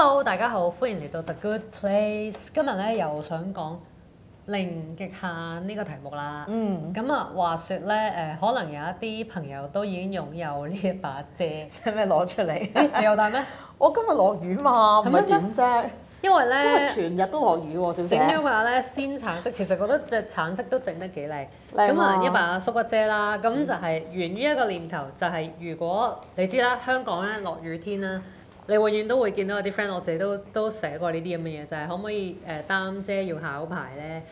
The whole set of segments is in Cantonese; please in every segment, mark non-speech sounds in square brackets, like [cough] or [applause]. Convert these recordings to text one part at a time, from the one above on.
Hello，大家好，歡迎嚟到 The Good Place。今日咧又想講零極限呢個題目啦。嗯。咁啊，話說咧，誒、呃，可能有一啲朋友都已經擁有呢一把遮。使咩攞出嚟、哎？你又帶咩？我今日落雨嘛，唔係點啫。呢因為咧。因為全日都落雨喎、啊，小姐。點樣話咧？鮮橙色其實覺得隻橙色都整得幾靚。靚啊！咁啊，一把縮骨遮啦。咁就係源於一個念頭，嗯、就係如果你知啦，香港咧落雨天啦。你永遠都會見到有啲 friend，我自己都都寫過呢啲咁嘅嘢，就係、是、可唔可以誒擔遮要考牌咧？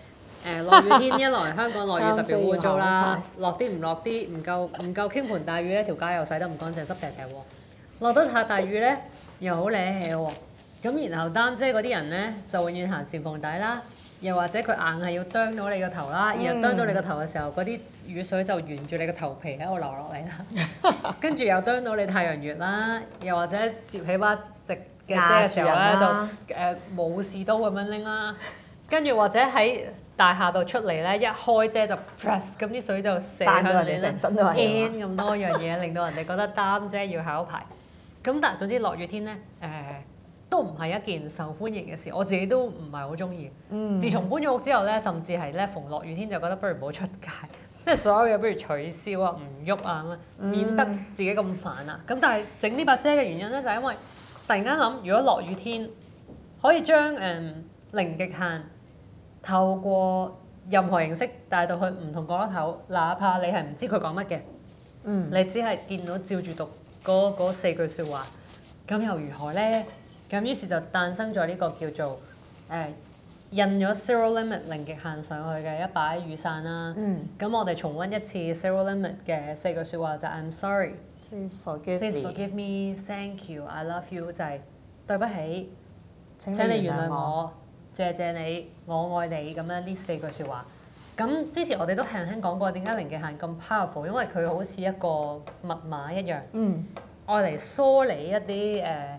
誒、呃、落雨天一來， [laughs] 香港落雨特別污糟啦，落啲唔落啲，唔夠唔夠傾盆大雨咧，條街又洗得唔乾淨，濕劈劈喎。落得太大雨咧，又好惹氣喎。咁然後擔遮嗰啲人咧，就永遠行船篷底啦，又或者佢硬係要啄到你個頭啦，然後啄到你個頭嘅時候嗰啲。雨水就沿住你個頭皮喺度流落嚟啦，跟住 [laughs] 又啄到你太陽穴啦，又或者接起把直嘅遮嘅時候咧，就誒冇士多咁樣拎啦。跟住或者喺大廈度出嚟咧，一開遮就 press 咁啲水就射向你成身，咁多樣嘢 [laughs] 令到人哋覺得擔遮要考牌。咁但係總之落雨天咧，誒、呃、都唔係一件受歡迎嘅事，我自己都唔係好中意。嗯、自從搬咗屋之後咧，甚至係咧逢落雨天就覺得不如唔好出街。即係所有嘢，不如取消啊，唔喐啊咁樣，免得自己咁煩啊。咁、嗯、但係整呢把遮嘅原因咧，就係、是、因為突然間諗，如果落雨天可以將誒、嗯、零極限透過任何形式帶到去唔同角落頭，哪怕你係唔知佢講乜嘅，嗯、你只係見到照住讀嗰四句説話，咁又如何咧？咁於是就誕生咗呢個叫做誒。呃印咗 zero limit 零極限上去嘅一把雨傘啦，咁、嗯、我哋重温一次 zero limit 嘅四句說話就係、I'm sorry, please forgive me, please forgive me, thank you, I love you 就係對不起，請,問請你原諒我，我謝謝你，我愛你咁樣呢四句說話。咁之前我哋都輕輕講過，點解零極限咁 powerful，因為佢好似一個密碼一樣，愛嚟、嗯、梳理一啲誒。Uh,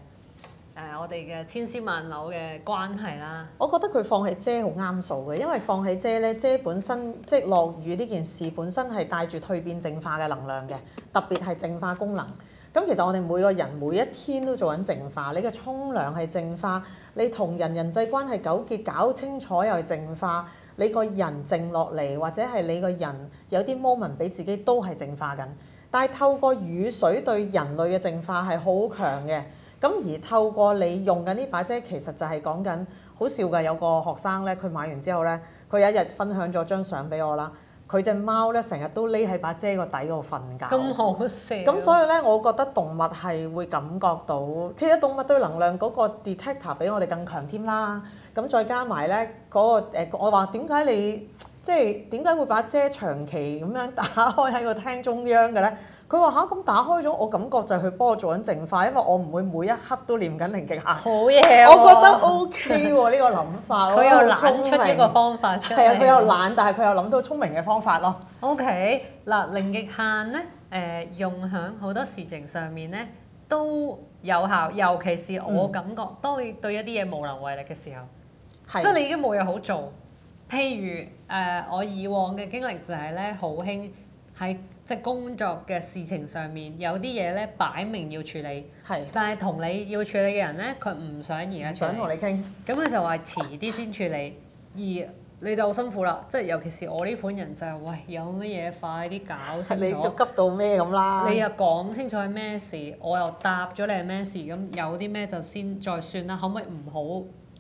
誒，我哋嘅千絲萬縷嘅關係啦。我覺得佢放喺遮好啱數嘅，因為放喺遮呢，遮本身即係落雨呢件事本身係帶住蛻變淨化嘅能量嘅，特別係淨化功能。咁其實我哋每個人每一天都做緊淨化，你嘅沖涼係淨化，你同人人際關係糾結搞清楚又係淨化，你個人靜落嚟或者係你個人有啲 moment 俾自己都係淨化緊。但係透過雨水對人類嘅淨化係好強嘅。咁而透過你用緊呢把遮，其實就係講緊好笑㗎！有個學生咧，佢買完之後咧，佢有一日分享咗張相俾我啦。佢隻貓咧，成日都匿喺把遮個底度瞓覺。咁好笑！咁所以咧，我覺得動物係會感覺到，其實動物對能量嗰個 detector 比我哋更強添啦。咁再加埋咧，嗰、嗰個、呃、我話點解你即係點解會把遮長期咁樣打開喺個廳中央嘅咧？佢話嚇咁打開咗，我感覺就係佢幫我做緊淨化，因為我唔會每一刻都念緊零極限。好嘢、啊、我覺得 O K 喎，呢 [laughs] 個諗法。佢又諗出一個方法出嚟啊，佢又是、嗯、懶，但係佢又諗到聰明嘅方法咯。O K，嗱零極限咧，誒、呃、用響好多事情上面咧都有效，尤其是我感覺，當你對一啲嘢無能為力嘅時候，即係、嗯、你已經冇嘢好做。譬如誒、呃，我以往嘅經歷就係咧，好興喺。即係工作嘅事情上面，有啲嘢咧擺明要處理，係但係同你要處理嘅人咧，佢唔想而家想同你傾，咁佢就話遲啲先處理，而你就辛苦啦。即係尤其是我呢款人就係、是，喂，有乜嘢快啲搞清，你就急到咩咁啦？你又講清楚係咩事，我又答咗你係咩事，咁有啲咩就先再算啦。可唔可以唔好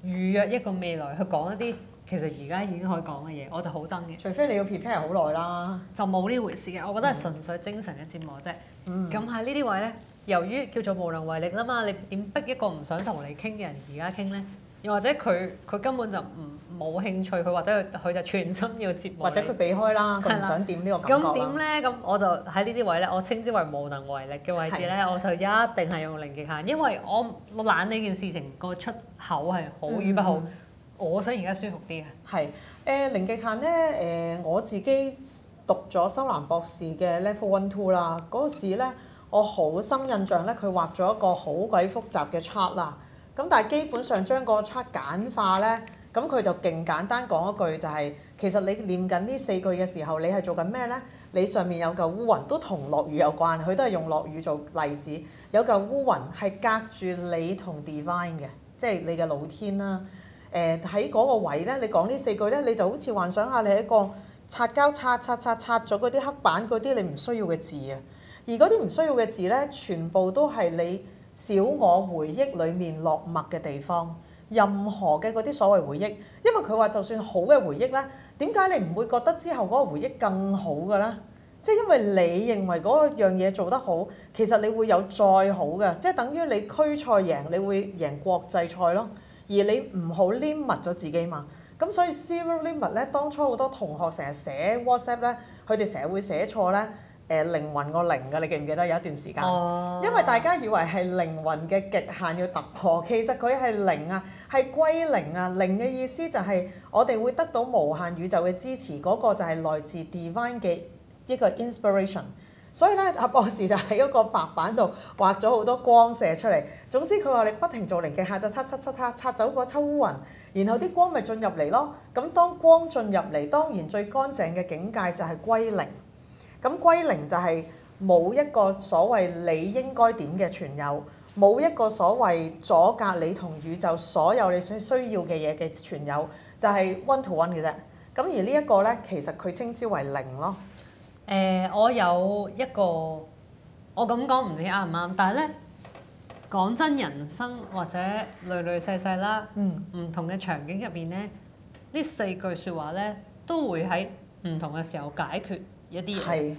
預約一個未來去講一啲？其實而家已經可以講嘅嘢，我就好憎嘅。除非你要 prepare 好耐啦，就冇呢回事嘅。我覺得係純粹精神嘅折磨啫。嗯。咁喺呢啲位咧，由於叫做無能為力啦嘛，你點逼一個唔想同你傾嘅人而家傾咧？又或者佢佢根本就唔冇興趣，佢或者佢佢就全心要折磨，或者佢避開啦，佢唔想點呢個感覺。咁點咧？咁我就喺呢啲位咧，我稱之為無能為力嘅位置咧，的我就一定係用零極限，因為我我懶呢件事情個出口係好與不好。嗯。我身而家舒服啲啊！係誒零極限咧誒、呃，我自己讀咗修蘭博士嘅 level one two 啦。嗰時咧，我好深印象咧，佢畫咗一個好鬼複雜嘅 chart 啦。咁但係基本上將個 chart 簡化咧，咁佢就勁簡單講一句就係、是：其實你念緊呢四句嘅時候，你係做緊咩咧？你上面有嚿烏雲都同落雨有關，佢都係用落雨做例子。有嚿烏雲係隔住你同 Divine 嘅，即係你嘅老天啦。誒喺嗰個位咧，你講呢四句咧，你就好似幻想下你係一個擦膠，擦擦擦，擦咗嗰啲黑板嗰啲你唔需要嘅字啊！而嗰啲唔需要嘅字咧，全部都係你小我回憶裡面落墨嘅地方。任何嘅嗰啲所謂回憶，因為佢話就算好嘅回憶咧，點解你唔會覺得之後嗰個回憶更好嘅咧？即係因為你認為嗰樣嘢做得好，其實你會有再好嘅，即係等於你區賽贏，你會贏國際賽咯。而你唔好 limit 咗自己嘛，咁所以 zero limit 咧，當初好多同學成日寫 WhatsApp 咧，佢哋成日會寫錯咧，誒、呃、靈魂個靈嘅，你記唔記得有一段時間？哦、因為大家以為係靈魂嘅極限要突破，其實佢係零啊，係歸零啊，零嘅意思就係我哋會得到無限宇宙嘅支持，嗰、那個就係來自 Divine 嘅一個 inspiration。所以咧，阿博士就喺嗰個白板度畫咗好多光射出嚟。總之佢話你不停做零極限就擦擦擦擦擦走嗰抽烏雲，然後啲光咪進入嚟咯。咁、嗯、當光進入嚟，當然最乾淨嘅境界就係歸零。咁、嗯、歸零就係冇一個所謂你應該點嘅存有，冇一個所謂阻隔你同宇宙所有你所需要嘅嘢嘅存有，就係、是、one to one 嘅啫。咁、嗯、而呢一個咧，其實佢稱之為零咯。誒、呃，我有一個，我咁講唔知啱唔啱，但係咧，講真人生或者類類細細啦，唔、嗯、同嘅場景入邊咧，呢四句説話咧都會喺唔同嘅時候解決一啲嘢。係是。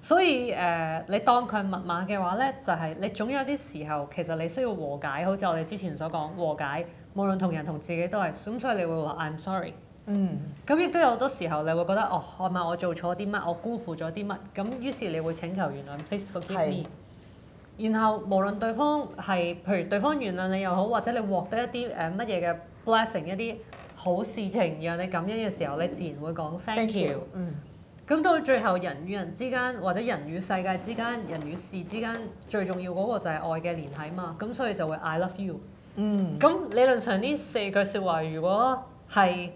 所以誒、呃，你當佢係密碼嘅話咧，就係、是、你總有啲時候其實你需要和解，好似我哋之前所講和解，無論同人同自己都係。咁所以你會話 I'm sorry。嗯，咁亦都有好多時候，你會覺得哦，係咪我做錯啲乜？我辜負咗啲乜？咁於是你會請求原諒 please forgive me。是然後無論對方係譬如對方原諒你又好，或者你獲得一啲誒乜嘢嘅 blessing 一啲好事情讓你感恩嘅時候，你自然會講 thank you。嗯。咁到最後人與人之間，或者人與世界之間、人與事之間，最重要嗰個就係愛嘅聯繫嘛。咁所以就會 I love you。嗯。咁理論上呢四句説話，如果係。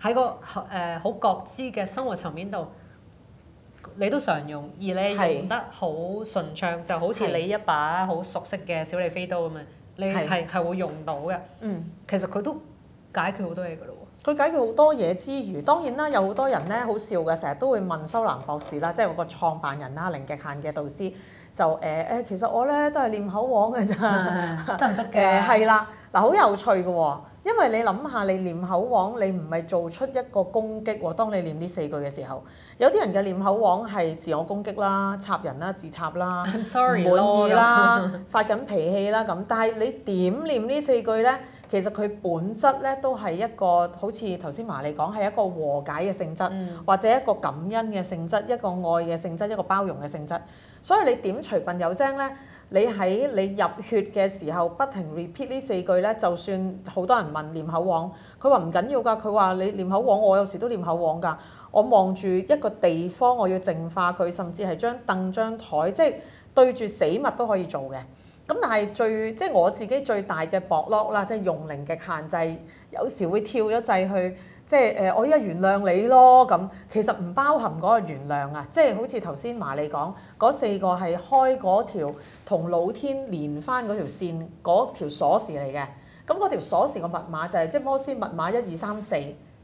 喺個好誒好覺知嘅生活層面度，你都常用，而你用得好順暢，就好似你一把好熟悉嘅小李飛刀咁樣，你係係會用到嘅。嗯，其實佢都解決好多嘢㗎咯喎。佢解決好多嘢之餘，當然啦，有好多人咧好笑嘅，成日都會問修藍博士啦，即係個創辦人啦，零極限嘅導師就誒誒、呃，其實我咧都係念口簧嘅咋。得唔得嘅？係啦、啊，嗱、 [laughs] 呃，好有趣嘅喎。因為你諗下，你念口簧，你唔係做出一個攻擊喎、哦。當你念呢四句嘅時候，有啲人嘅念口簧係自我攻擊啦、插人啦、自插啦、唔滿 Sorry, 意啦、了 [laughs] 發緊脾氣啦咁。但係你點念呢四句呢？其實佢本質呢都係一個好似頭先瑪莉講係一個和解嘅性質，嗯、或者一個感恩嘅性質，一個愛嘅性質，一個包容嘅性質。所以你點隨笨有聲呢？你喺你入血嘅時候不停 repeat 呢四句呢，就算好多人問唸口簧，佢話唔緊要㗎，佢話你唸口簧，我有時都唸口簧㗎。我望住一個地方，我要淨化佢，甚至係張凳、張枱，即係對住死物都可以做嘅。咁但係最即係、就是、我自己最大嘅薄落啦，即係用零極限，有時會跳咗掣去。即係誒，我依家原諒你咯咁，其實唔包含嗰個原諒啊！即係好似頭先話你講嗰四個係開嗰條同老天連返嗰條線嗰條鎖匙嚟嘅。咁嗰條鎖匙個密碼就係即係摩斯密碼一二三四，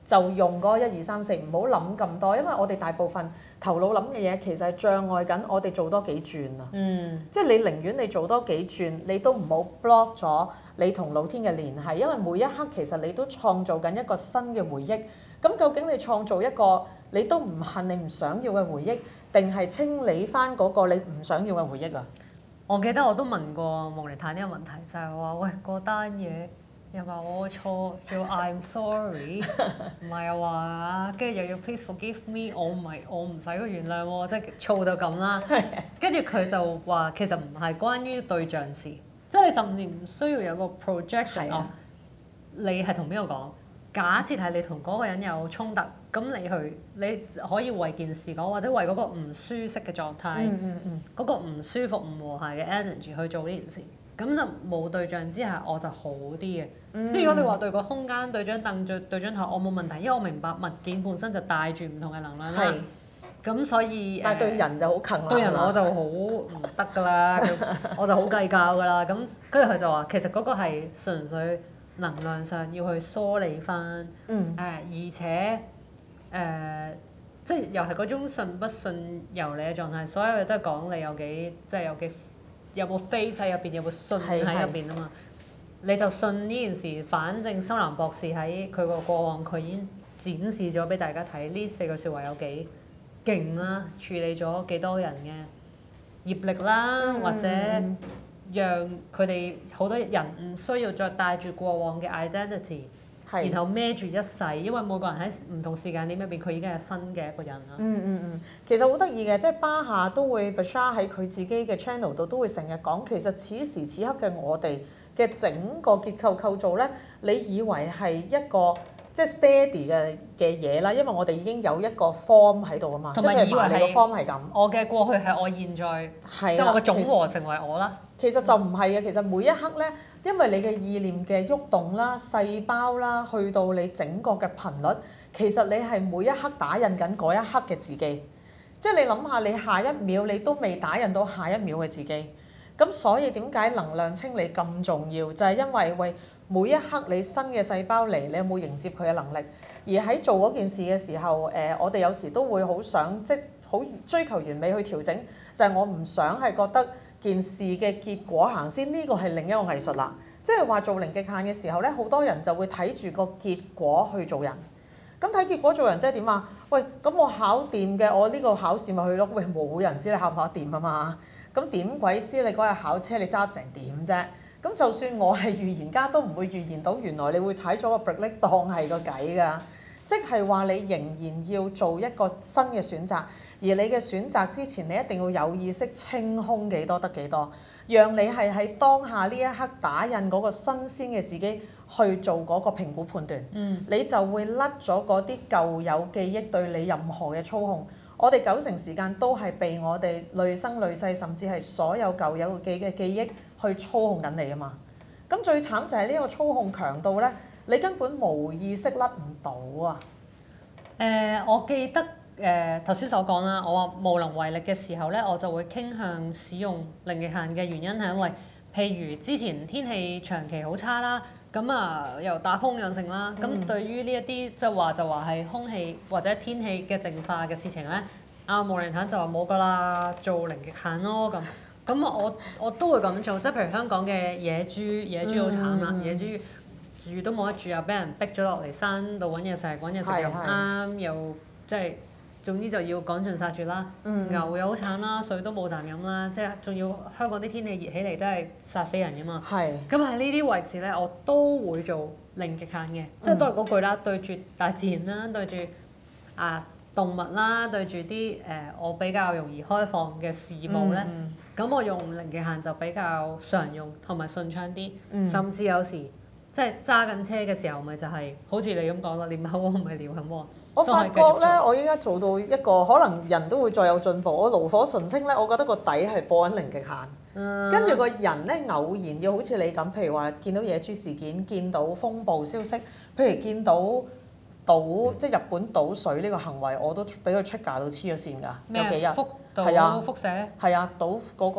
就用嗰一二三四，唔好諗咁多，因為我哋大部分。頭腦諗嘅嘢其實係障礙緊我哋做多幾轉啊！嗯、即係你寧願你做多幾轉，你都唔好 block 咗你同老天嘅聯繫，因為每一刻其實你都創造緊一個新嘅回憶。咁究竟你創造一個你都唔恨、你唔想要嘅回憶，定係清理翻嗰個你唔想要嘅回憶啊？我記得我都問過蒙尼坦呢個問題，就係、是、話喂嗰單嘢。又話我錯，叫 I'm sorry，唔係又話，跟住又要 please forgive me，我唔係我唔使佢原諒喎，即係嘈到咁啦。跟住佢就話其實唔係關於對象事，即係你甚至唔需要有個 projection [laughs] 你係同邊個講？假設係你同嗰個人有衝突，咁你去你可以為件事講，或者為嗰個唔舒適嘅狀態，嗰、嗯嗯嗯、個唔舒服、唔和諧嘅 energy 去做呢件事。咁就冇對象之下，我就好啲嘅。即係、嗯、如果你話對個空間、對張凳、對對張台，我冇問題，因為我明白物件本身就帶住唔同嘅能量。係的。咁所以誒。但對人就好近啊。對人我就好唔得㗎啦， [laughs] 我就好計較㗎啦。咁跟住佢就話：其實嗰個係純粹能量上要去梳理翻。嗯、啊。而且誒、啊，即係又係嗰種信不信由你嘅狀態。所有嘢都係講你有幾，即係有幾。有冇 faith，喺入邊，有冇信喺入邊啊嘛。是是你就信呢件事，反正修蘭博士喺佢個過往，佢已經展示咗俾大家睇呢四個説話有幾勁啦，處理咗幾多人嘅業力啦，嗯、或者讓佢哋好多人唔需要再帶住過往嘅 identity。然後孭住一世，因為每個人喺唔同時間點入邊，佢已經係新嘅一個人啦、嗯。嗯嗯嗯，其實好得意嘅，即係巴夏都會，Bashar 喺佢自己嘅 channel 度都會成日講，其實此時此刻嘅我哋嘅整個結構構造咧，你以為係一個即係 steady 嘅嘅嘢啦，因為我哋已經有一個 form 喺度啊嘛，即係譬如話你個 form 係咁，我嘅過去係我現在，即係我嘅總和成為我啦。其實就唔係嘅，其實每一刻咧，因為你嘅意念嘅喐動啦、細胞啦，去到你整個嘅頻率，其實你係每一刻打印緊嗰一刻嘅自己。即係你諗下，你下一秒你都未打印到下一秒嘅自己。咁所以點解能量清理咁重要？就係因為喂每一刻你新嘅細胞嚟，你有冇迎接佢嘅能力？而喺做嗰件事嘅時候，誒、呃、我哋有時都會好想即好追求完美去調整，就係、是、我唔想係覺得件事嘅結果行先，呢、這個係另一個藝術啦。即係話做零極限嘅時候呢，好多人就會睇住個結果去做人。咁睇結果做人即係點啊？喂，咁我考掂嘅，我呢個考試咪去咯。喂，冇人知你考唔考掂啊嘛。咁點鬼知你嗰日考車你揸成點啫？咁就算我係預言家都唔會預言到原來你會踩咗個 break 當係個計㗎，即係話你仍然要做一個新嘅選擇，而你嘅選擇之前你一定要有意識清空幾多得幾多，讓你係喺當下呢一刻打印嗰個新鮮嘅自己去做嗰個評估判斷，嗯、你就會甩咗嗰啲舊有記憶對你任何嘅操控。我哋九成時間都係被我哋累生累世甚至係所有舊有記嘅記憶。去操控緊你啊嘛！咁最慘就係呢個操控強度呢，你根本無意識甩唔到啊！誒、呃，我記得誒頭先所講啦，我話無能為力嘅時候呢，我就會傾向使用零極限嘅原因係因為，譬如之前天氣長期好差啦，咁啊又打風又成啦，咁、啊嗯、對於呢一啲即係話就話係空氣或者天氣嘅淨化嘅事情呢，阿、啊、無能坦就話冇㗎啦，做零極限咯咁。咁我我都會咁做，即係譬如香港嘅野豬，野豬好慘啦，嗯、野豬住都冇得住，又俾人逼咗落嚟山度揾嘢食，揾嘢食又唔啱，又即係總之就要趕盡殺絕啦。嗯、牛又好慘啦，水都冇啖飲啦，即係仲要香港啲天氣熱起嚟，真係殺死人㗎嘛。咁喺呢啲位置呢，我都會做零極限嘅，即係都係嗰句啦，對住大自然啦，對住啊動物啦，對住啲誒我比較容易開放嘅事物呢。嗯嗯。咁我用零極限就比較常用同埋順暢啲，嗯、甚至有時即係揸緊車嘅時候，就是，咪就係好似你咁講咯，唸口唔係唸口。我發覺咧，我依家做到一個，可能人都會再有進步。我爐火純青咧，我覺得個底係播緊零極限。嗯。跟住個人咧，偶然要好似你咁，譬如話見到野豬事件，見到風暴消息，譬如見到，嗯。倒即係日本倒水呢個行為，我都俾佢出價到黐咗線㗎，麼有幾日係啊輻射係啊，倒嗰寫、啊嗰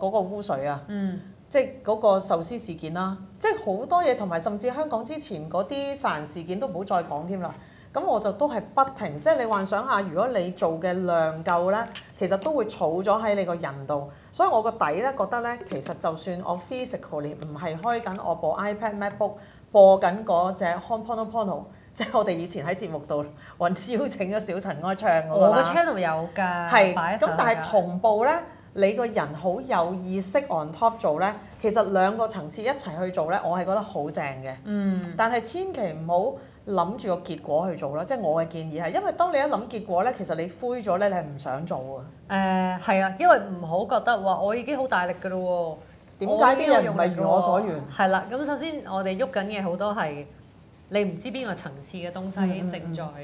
個嗰個污水啊，嗯、即係嗰個壽司事件啦、啊，即係好多嘢，同埋甚至香港之前嗰啲殺人事件都唔好再講添啦。咁我就都係不停，即係你幻想下，如果你做嘅量夠咧，其實都會儲咗喺你個人度。所以我個底咧覺得咧，其實就算我 physically 唔係開緊我部 iPad、MacBook 播緊嗰隻《Ho'oponopono 即係我哋以前喺節目度，還邀請咗小陳安唱㗎啦。我 channel 有㗎，係咁是，但係同步咧，你個人好有意識 on top 做咧，其實兩個層次一齊去做咧，我係覺得好正嘅。嗯。但係千祈唔好諗住個結果去做咯，即係我嘅建議係，因為當你一諗結果咧，其實你灰咗咧，你係唔想做啊。誒係啊，因為唔好覺得話我已經好大力㗎咯喎。點解啲人唔係如我所願？係啦、嗯，咁首先我哋喐緊嘅好多係。你唔知邊個層次嘅東西正在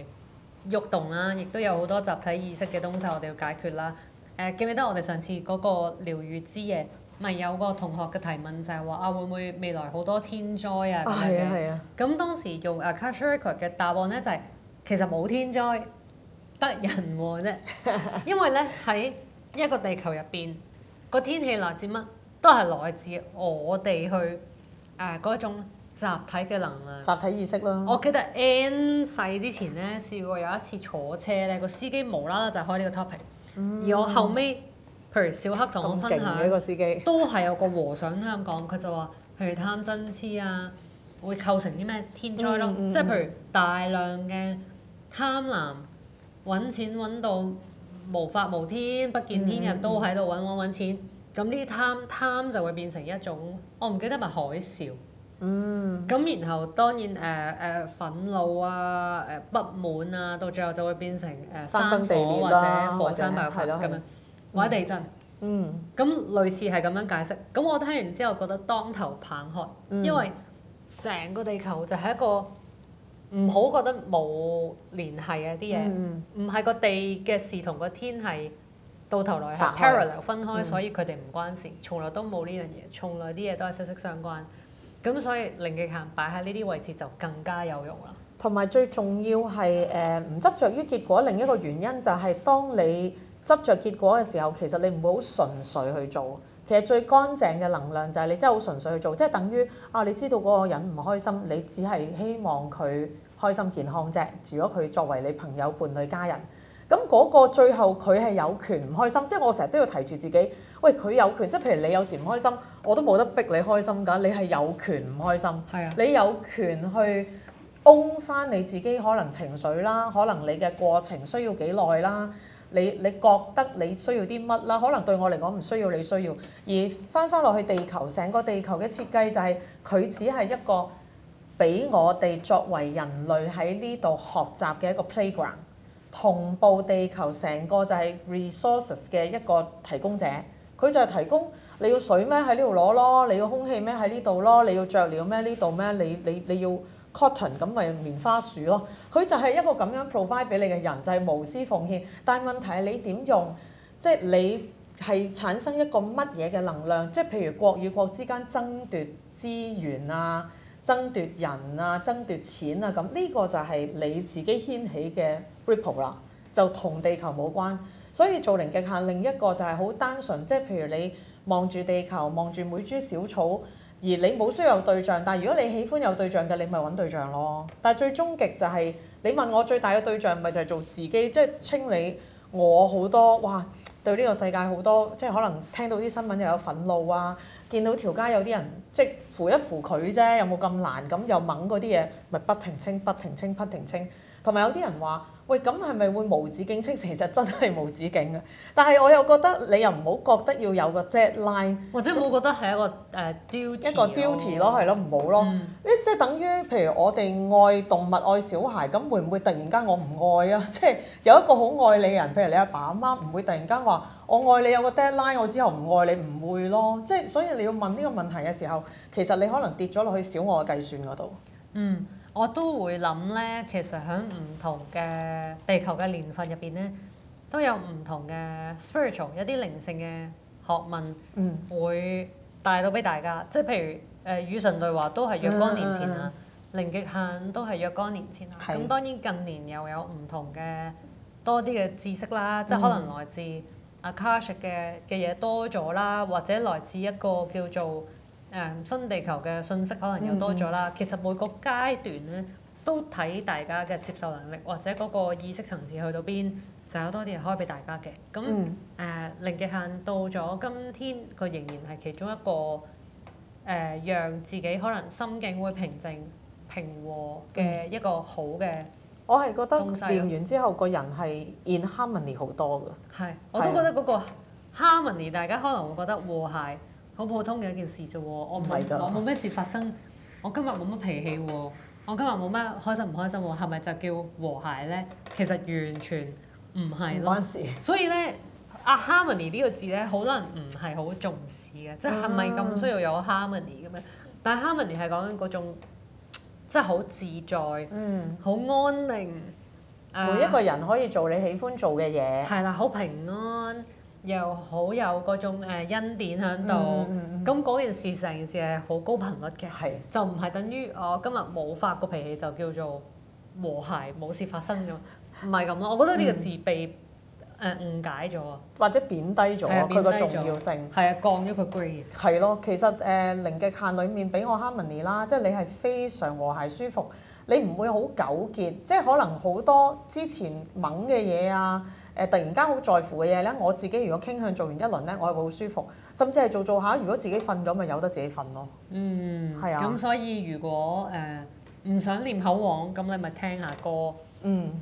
喐動啦、啊，亦都有好多集體意識嘅東西，我哋要解決啦、啊。誒、啊，記唔記得我哋上次嗰個療癒之夜，咪有個同學嘅提問就係話啊，會唔會未來好多天災啊？係啊係啊！咁、啊啊、當時用啊 Akashic Record 嘅答案咧，就係、是、其實冇天災，得人喎、啊、啫。因為咧喺一個地球入邊，個天氣來自乜，都係來自我哋去誒嗰、啊、種。集體嘅能量，集體意識咯。我記得 N 世之前呢，試過有一次坐車呢個司機無啦啦就開呢個 topic。嗯、而我後尾，譬如小黑同我分享，司都係有個和尚喺度佢就話：譬如貪嗔痴啊，會構成啲咩天災咯、啊？即係、嗯嗯、譬如大量嘅貪婪，揾錢揾到無法無天、不見天日，都喺度揾揾揾錢。咁呢啲貪貪就會變成一種，我唔記得係咪海嘯？嗯，咁然後當然誒誒憤怒啊，誒不滿啊，到最後就會變成誒山火或者火山爆發咁樣，或者地震。嗯。咁類似係咁樣解釋，咁我聽完之後覺得當頭棒喝，因為成個地球就係一個唔好覺得冇聯繫嘅啲嘢，唔係個地嘅事同個天係到頭來係 parallel 分開，所以佢哋唔關事，從來都冇呢樣嘢，從來啲嘢都係息息相關。咁所以零極限擺喺呢啲位置就更加有用啦。同埋最重要係誒唔執着於結果，另一個原因就係當你執着結果嘅時候，其實你唔會好純粹去做。其實最乾淨嘅能量就係你真係好純粹去做，即係等於啊，你知道嗰個人唔開心，你只係希望佢開心健康啫。如果佢作為你朋友、伴侶、家人，咁嗰個最後佢係有權唔開心。即係我成日都要提住自己。喂，佢有權，即係譬如你有時唔開心，我都冇得逼你開心㗎，你係有權唔開心，的你有權去 own 翻你自己，可能情緒啦，可能你嘅過程需要幾耐啦，你你覺得你需要啲乜啦？可能對我嚟講唔需要，你需要。而翻翻落去地球，成個地球嘅設計就係佢只係一個俾我哋作為人類喺呢度學習嘅一個 playground，同步地球成個就係 resources 嘅一個提供者。佢就係提供你要水咩喺呢度攞咯，你要空氣咩喺呢度咯，你要着料咩呢度咩？你你你要 cotton 咁咪棉花樹咯。佢就係一個咁樣 provide 俾你嘅人，就係、是、無私奉獻。但問題係你點用？即、就、係、是、你係產生一個乜嘢嘅能量？即、就、係、是、譬如國與國之間爭奪資源啊、爭奪人啊、爭奪錢啊，咁呢個就係你自己掀起嘅 ripple 啦，就同地球冇關。所以做零極限另一個就係好單純，即係譬如你望住地球，望住每株小草，而你冇需要有對象。但係如果你喜歡有對象嘅，你咪揾對象咯。但係最終極就係你問我最大嘅對象，咪就係做自己，即係清理我好多哇！對呢個世界好多，即係可能聽到啲新聞又有憤怒啊，見到條街有啲人即係扶一扶佢啫，有冇咁難，咁又掹嗰啲嘢，咪不停清、不停清、不停清。同埋有啲人話：喂，咁係咪會無止境清？其實其實真係無止境嘅。但係我又覺得你又唔好覺得要有個 deadline，或者我覺得係一個誒 duty 一個 duty、哦、咯，係咯、嗯，唔好咯。即係等於譬如我哋愛動物、愛小孩，咁會唔會突然間我唔愛啊？即係有一個好愛你人，譬如你阿爸阿媽，媽，唔會突然間話我愛你有個 deadline，我之後唔愛你，唔會咯。即係所以你要問呢個問題嘅時候，其實你可能跌咗落去小我嘅計算嗰度。嗯。我都會諗咧，其實喺唔同嘅地球嘅年份入邊咧，都有唔同嘅 spiritual 一啲靈性嘅學問會帶到俾大家。即係譬如誒與神對話都係若干年前啊，零極、嗯、限都係若干年前啊。咁、嗯、當然近年又有唔同嘅多啲嘅知識啦，嗯、即係可能來自阿 Kash 嘅嘢多咗啦，或者來自一個叫做。誒、uh, 新地球嘅信息可能又多咗啦，嗯、其實每個階段咧都睇大家嘅接受能力或者嗰個意識層次去到邊，就有多啲嘢開俾大家嘅。咁誒零極限到咗今天，佢仍然係其中一個誒、呃、讓自己可能心境會平靜平和嘅一個好嘅。我係覺得練完之後，個、嗯、人係 in harmony 好多㗎。係，我都覺得嗰個 harmony 大家可能會覺得和諧。好普通嘅一件事啫喎，我唔係，我冇咩事發生，我今日冇乜脾氣喎，我今日冇乜開心唔開心喎，係咪就叫和諧咧？其實完全唔係咯。唔關事。所以咧，阿 harmony 呢個字咧，好多人唔係好重視嘅，即係咪咁需要有 harmony 噉樣、啊？但係 harmony 係講緊嗰種，即係好自在，嗯，好安寧，每一個人可以做你喜歡做嘅嘢，係啦、啊，好平安。又好有嗰種恩、呃、典點響度，咁嗰、嗯嗯、件事成件事係好高頻率嘅。是就唔係等於我今日冇發過脾氣就叫做和諧冇事發生咗。唔係咁咯。我覺得呢個字被誒、嗯呃、誤解咗啊，或者貶低咗佢嘅重要性，係啊，降咗佢 grade。係咯，其實誒零、呃、極限裡面俾我 harmony 啦，即係你係非常和諧舒服，嗯、你唔會好糾結，即係可能好多之前猛嘅嘢啊。誒、呃、突然間好在乎嘅嘢咧，我自己如果傾向做完一輪咧，我又會好舒服。甚至係做一做一下，如果自己瞓咗，咪由得自己瞓咯。嗯。係啊。咁所以如果誒唔、呃、想唸口簧，咁你咪聽下歌。嗯。誒、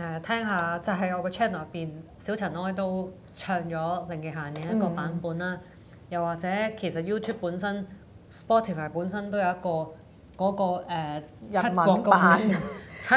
呃、聽下就喺我個 channel 入邊，小塵埃都唱咗零極限嘅一個版本啦。嗯、又或者其實 YouTube 本身 Spotify 本身都有一個嗰、那個誒。國、呃、版。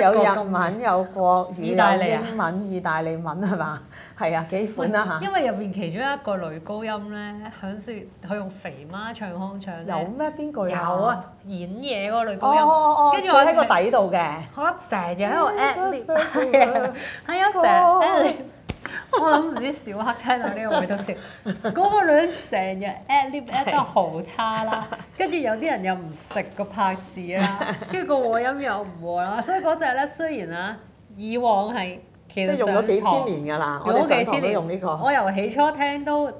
有日文、文，有國語、大啊，有英文、意大利文係嘛？係啊，幾款啊！因為入邊其中一個雷高音咧，響説佢用肥媽唱腔唱。有咩邊個有？有啊！演嘢嗰個雷高音。跟住我喺個底度嘅。我成日喺度 at。係啊，成日 at、 [laughs] 啊。常常 [laughs] 我諗唔知小黑聽到呢個我都笑，嗰、這個女成日 at lip at 都好差啦，跟住有啲人又唔食個拍子啦，跟住個和音又唔和啦，所以嗰隻咧雖然啊，以往係其實用咗幾千年㗎啦，用咗幾千年。用呢、這個。我由起初聽都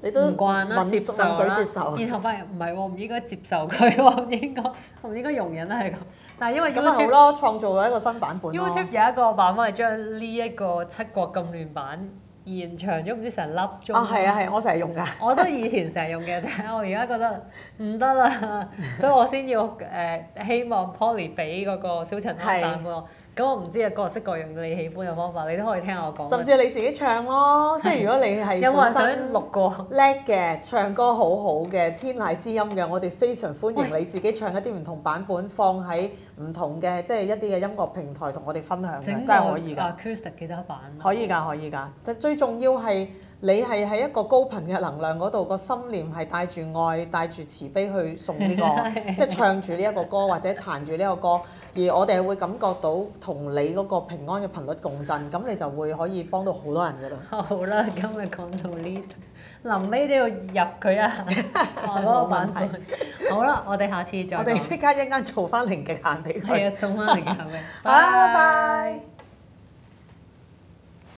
你都唔慣啦，接受啦，然後發現唔係喎，唔、啊、應該接受佢喎，唔 [laughs] 應該，唔應該容忍啦、啊，係咁。但係因為咁好囉，創造咗一個新版本。YouTube 有一個版本係將呢一個七國禁亂版延長咗唔知成粒鐘。啊啊係、啊，我成日用㗎。我都以前成日用嘅， [laughs] 但係我而家覺得唔得啦， [laughs] 所以我先要誒、呃、希望 Poly 俾嗰個小陳版本。咁我唔知啊，各式各樣你喜歡嘅方法，你都可以聽我講。甚至你自己唱咯，的即係如果你係本身有有想錄過叻嘅，唱歌好好嘅，天籟之音嘅，我哋非常歡迎你自己唱一啲唔同版本，喂放喺唔同嘅即係一啲嘅音樂平台同我哋分享嘅，個真係可以㗎。Acoustic 幾多版？可以㗎，可以㗎，但、呃呃、最重要係。你係喺一個高頻嘅能量嗰度，個心念係帶住愛、帶住慈悲去送呢、這個，即係 [laughs] 唱住呢一個歌或者彈住呢個歌，而我哋係會感覺到同你嗰個平安嘅頻率共振，咁你就會可以幫到好多人嘅啦。好啦，今日講到呢度，臨尾都要入佢一下我嗰個版塊。 [laughs] 哦、 [laughs] 好啦，我哋下次再。我哋即刻一間做翻零極限俾佢。係啊，送翻零極限俾佢。拜拜、 [laughs] okay。